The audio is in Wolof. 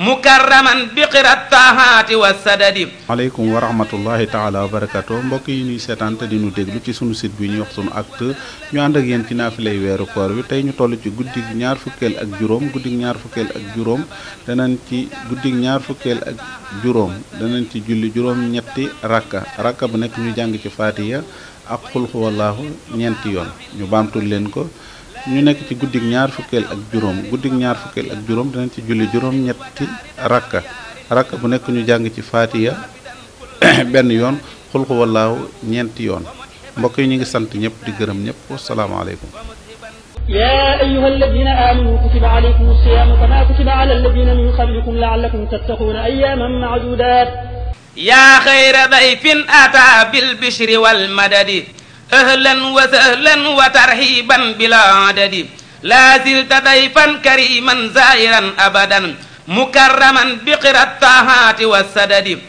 mukarraman bi qirat taahaati wa sadadi aleykum wa rahmatullahi taala wa barakaatu mbokk yi ñuy seetaan di mu déglu ci sunu sit bi ñuy wax sunu acte ñu ànd ak yéen ci naafilay weeru koor bi tey ñu toll ci guddig ñaar fukkeel ak juróom guddig ñaar fukkeel ak juróom danañ ci guddig ñaar fukkeel ak juróom danañ ci julli juróom ñetti rakka rakka bu nekk ñu jàng ci faatiya ak xul huwallaahu ñeenti yoon ñu baamtul leen ko ñu nekk ci guddig ñaar fukkeel ak juróom guddig ñaar fukkeel ak juróom dinañ ci julli juróom ñetti rakka rakka bu nekk ñu jàng ci faatiya benn yoon xulxu wallaahu ñeenti yoon mbokk yi ñu ngi sant ñëpp di gërëm ñëpp wasalaamaaleykum يا أيها الذين آمنوا كتب عليكم الصيام كما كتب على الذين من قبلكم لعلكم تتقون أياما معدودات يا خير ضيف أتى بالبشر والمدد أهلا وسهلا وترحيبا بلا عدد لا زلت ضيفا كريما زائرا أبدا مكرما بقرى الطاعات والسدد